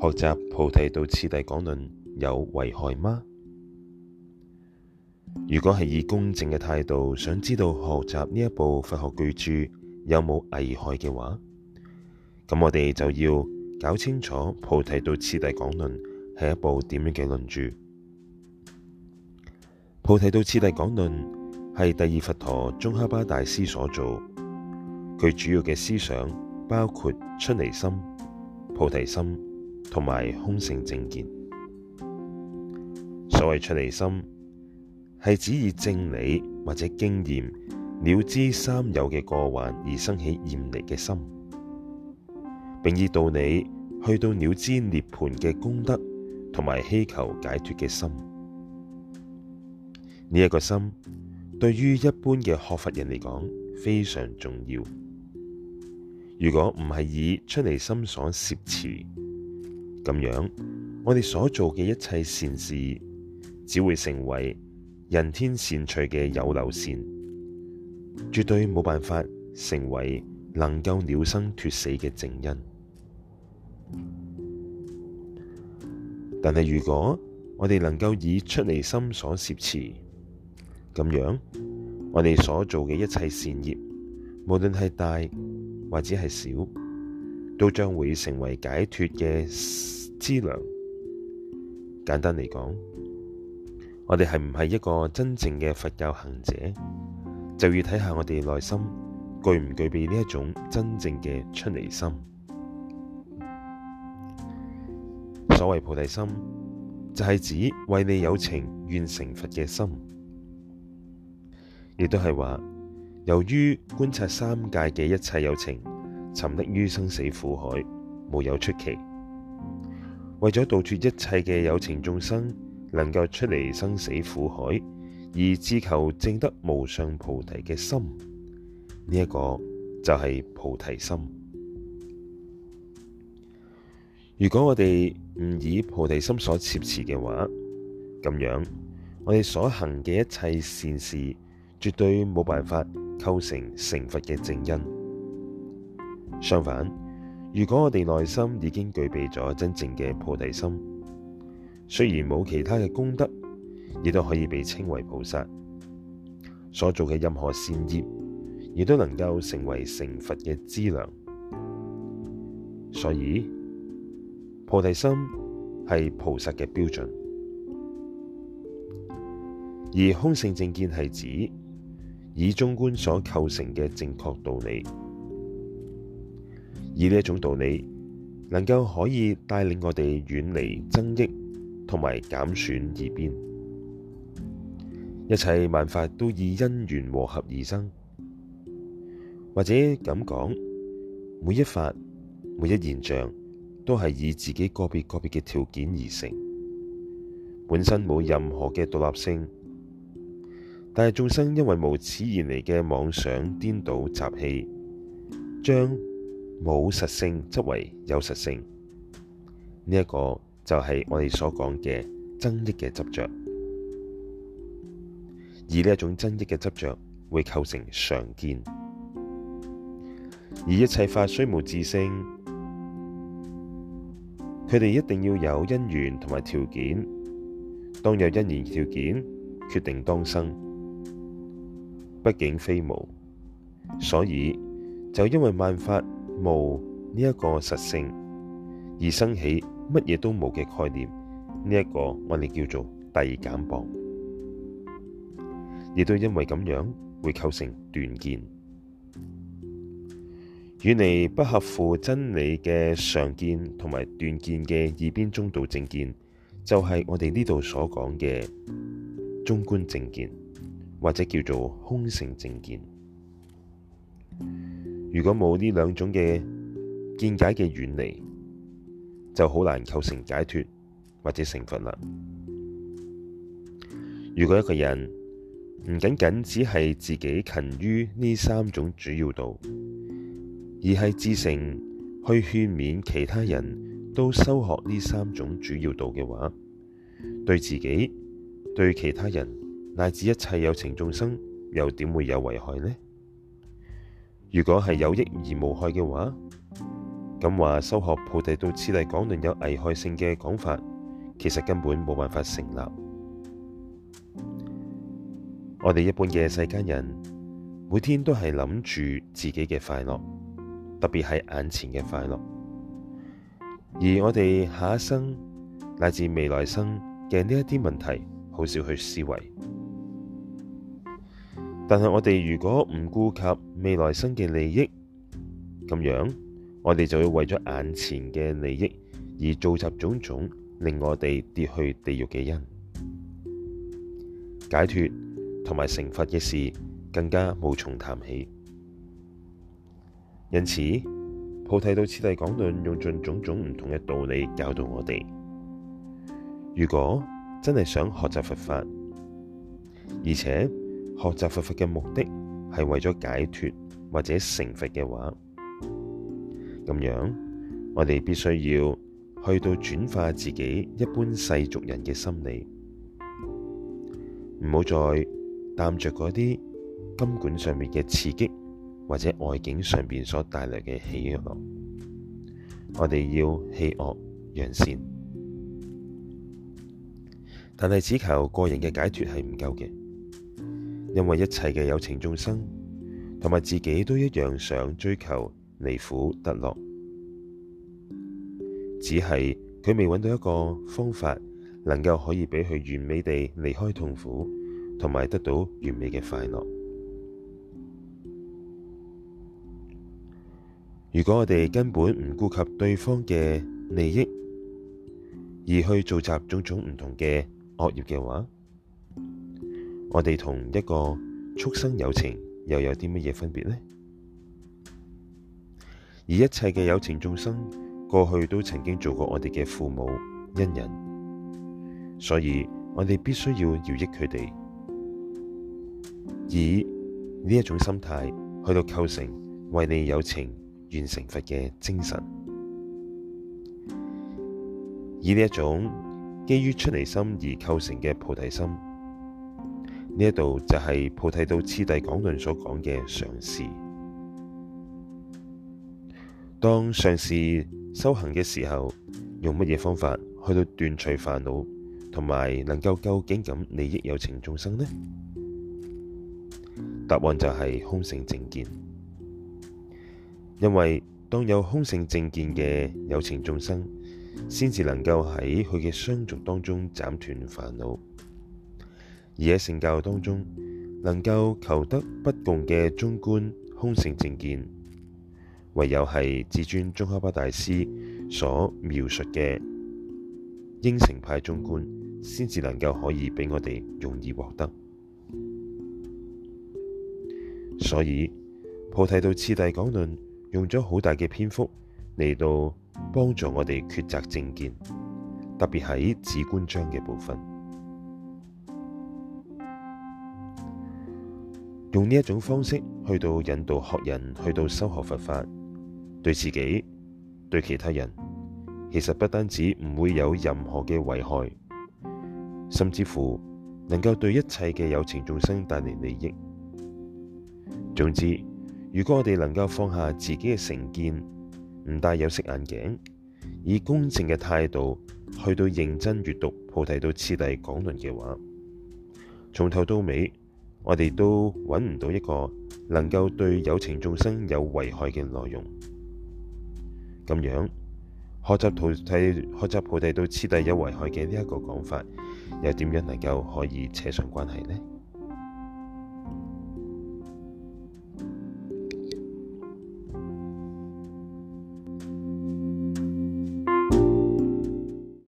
學習菩提道次第廣論有危害嗎？如果係以公正嘅態度，想知道學習呢一部佛學巨著有冇危害嘅話，咁我哋就要搞清楚菩提道次第廣論係一部點樣嘅論著。菩提道次第廣論係第二佛陀宗喀巴大師所造，佢主要嘅思想包括出離心、菩提心。同埋空性正見，所謂出離心，係指以正理或者經驗了知三有嘅過患而生起厭離嘅心，並以道理去到了知涅槃嘅功德同埋希求解脫嘅心。呢、這、一個心對於一般嘅學佛人嚟講非常重要。如果唔係以出離心所攝持。咁樣，我哋所做嘅一切善事，只會成為人天善趣嘅有漏善，絕對冇辦法成為能夠了生脱死嘅正因。但係如果我哋能夠以出離心所攝持，咁樣，我哋所做嘅一切善業，無論係大或者係小，都將會成為解脱嘅資糧，簡單嚟講，我哋係唔係一個真正嘅佛教行者，就要睇下我哋內心具唔具備呢一種真正嘅出離心？所謂菩提心，就係、是、指為利有情願成佛嘅心，亦都係話由於觀察三界嘅一切有情沉溺於生死苦海，冇有出期。為咗度脱一切嘅有情眾生，能夠出嚟生死苦海，而祈求證得無上菩提嘅心，呢、這、一個就係菩提心。如果我哋唔以菩提心所攝持嘅話，咁樣我哋所行嘅一切善事，絕對冇辦法構成成佛嘅正因。相反。如果我哋內心已經具備咗真正嘅菩提心，雖然冇其他嘅功德，亦都可以被稱為菩薩。所做嘅任何善業，亦都能夠成為成佛嘅資糧。所以，菩提心係菩薩嘅標準。而空性正見係指以中觀所構成嘅正確道理。以呢一種道理，能夠可以帶領我哋遠離增益同埋減損二邊。一切萬法都以因緣和合而生，或者咁講，每一法、每一現象，都係以自己個別個別嘅條件而成，本身冇任何嘅獨立性。但係眾生因為無始而嚟嘅妄想顛倒習氣，將冇實性，則為有實性。呢、這、一個就係我哋所講嘅增益嘅執着，而呢一種增益嘅執着會構成常見。而一切法雖無自性，佢哋一定要有因緣同埋條件。當有因緣條件，決定當生。畢竟非無，所以就因為萬法。無呢一個實性而生起乜嘢都冇嘅概念，呢一個我哋叫做遞減謗，亦都因為咁樣會構成斷見，遠離不合乎真理嘅常見同埋斷見嘅二邊中道正見，就係、是、我哋呢度所講嘅中觀正見，或者叫做空性正見。如果冇呢兩種嘅見解嘅遠離，就好難構成解脫或者成佛啦。如果一個人唔僅僅只係自己勤於呢三種主要道，而係至誠去勸勉其他人都修學呢三種主要道嘅話，對自己、對其他人乃至一切有情眾生，又點會有危害呢？如果係有益而無害嘅話，咁話修學菩提道次第廣論有危害性嘅講法，其實根本冇辦法成立。我哋一般嘅世間人，每天都係諗住自己嘅快樂，特別係眼前嘅快樂，而我哋下一生乃至未來生嘅呢一啲問題，好少去思維。但係我哋如果唔顧及未來生嘅利益，咁樣我哋就會為咗眼前嘅利益而造集種種令我哋跌去地獄嘅因，解脫同埋成佛嘅事更加無從談起。因此，菩提道次第廣論用盡種種唔同嘅道理教導我哋。如果真係想學習佛法，而且學習佛法嘅目的係為咗解脱或者成佛嘅話，咁樣我哋必須要去到轉化自己一般世俗人嘅心理，唔好再擔着嗰啲感官上面嘅刺激或者外境上面所帶來嘅喜樂，我哋要棄惡揚善，但係只求個人嘅解脱係唔夠嘅。因為一切嘅有情眾生同埋自己都一樣想追求離苦得樂，只係佢未揾到一個方法，能夠可以畀佢完美地離開痛苦，同埋得到完美嘅快樂。如果我哋根本唔顧及對方嘅利益而去做集種種唔同嘅惡業嘅話，我哋同一個畜生有情又有啲乜嘢分別呢？而一切嘅有情眾生過去都曾經做過我哋嘅父母恩人，所以我哋必須要饒益佢哋，以呢一種心態去到構成為利有情願成佛嘅精神，以呢一種基於出離心而構成嘅菩提心。呢一度就係菩提道次第廣論所講嘅上士。當上士修行嘅時候，用乜嘢方法去到斷除煩惱，同埋能夠究竟咁利益有情眾生呢？答案就係空性正見。因為當有空性正見嘅有情眾生，先至能夠喺佢嘅相續當中斬斷煩惱。而喺聖教當中，能夠求得不共嘅中觀空性正見，唯有係至尊宗喀巴大師所描述嘅應成派中觀，先至能夠可以俾我哋容易獲得。所以菩提道次第廣論用咗好大嘅篇幅嚟到幫助我哋抉擇正見，特別喺止觀章嘅部分。用呢一種方式去到引導學人去到修學佛法，對自己、對其他人，其實不單止唔會有任何嘅危害，甚至乎能夠對一切嘅有情眾生帶嚟利益。總之，如果我哋能夠放下自己嘅成見，唔戴有色眼鏡，以公正嘅態度去到認真閱讀菩提道次第廣論嘅話，從頭到尾。我哋都揾唔到一個能夠對有情眾生有危害嘅內容，咁樣學習菩提、學習菩提道次第有危害嘅呢一個講法，又點樣能夠可以扯上關係呢？